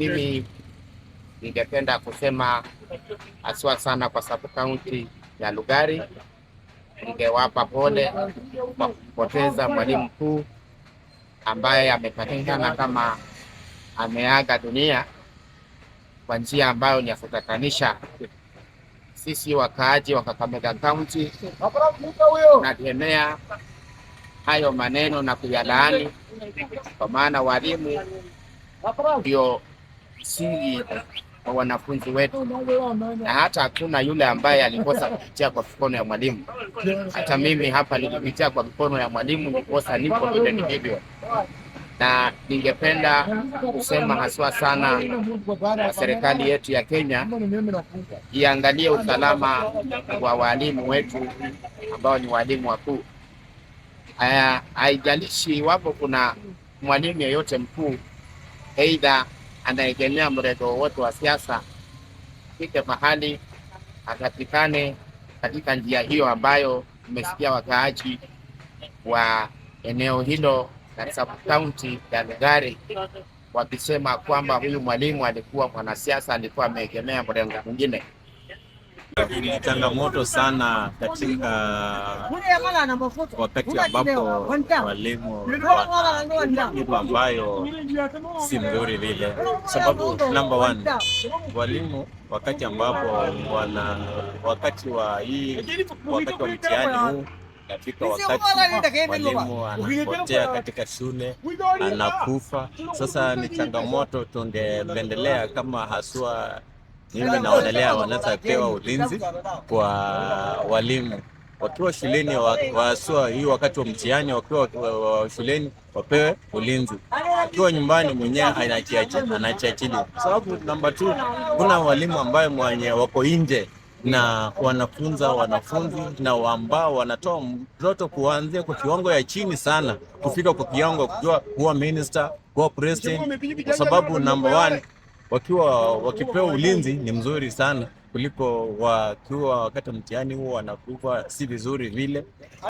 Mimi ningependa kusema haswa sana kwa sabu kaunti ya Lugari, ningewapa pole kwa kupoteza mwalimu mkuu ambaye amepatikana kama ameaga dunia kwa njia ambayo ni ya kutatanisha. Sisi wakaaji wa Kakamega Kaunti nakemea hayo maneno na kuyalaani, kwa maana walimu ndio msingi kwa wanafunzi wetu, na hata hakuna yule ambaye alikosa kupitia kwa mikono ya mwalimu. Hata mimi hapa nilipitia kwa mikono ya mwalimu, nikosa nipo vile nilivyo, na ningependa kusema haswa sana kwa serikali yetu ya Kenya iangalie usalama wa walimu wetu ambao ni walimu wakuu. Haijalishi iwapo kuna mwalimu yeyote mkuu, aidha anaegemea mrengo wowote wa siasa, fike mahali akatikane katika njia hiyo ambayo umesikia wakaaji wa eneo hilo la sub-county ya Lugari wakisema kwamba huyu mwalimu alikuwa mwanasiasa, alikuwa ameegemea mrengo mwingine ni changamoto sana katika wakati ambapo walimu kitu ambayo si mzuri vile, sababu number one, walimu wakati ambapo wana wakati wa hii wakati wa mtihani huu katika wakati mwalimu anapotea katika shule anakufa. Sasa ni changamoto, tungependelea kama haswa mimi yaani naonelea wanatakiwa ulinzi kwa walimu wakiwa shuleni, waswa hii wakati wa mtihani, wakiwa wa shuleni wapewe ulinzi, wakiwa nyumbani mwenyewe anachiachili, kwa sababu namba tu, kuna walimu ambaye mwenye wako nje na wanafunza wanafunzi na ambao wanatoa mtoto kuanzia kwa kiwango ya chini sana kufika kwa kiwango kujua kuwa minister, kuwa president, kwa sababu namba one wakiwa wakipewa ulinzi ni mzuri sana kuliko wakiwa wakati mtihani huo wanakufa si vizuri vile.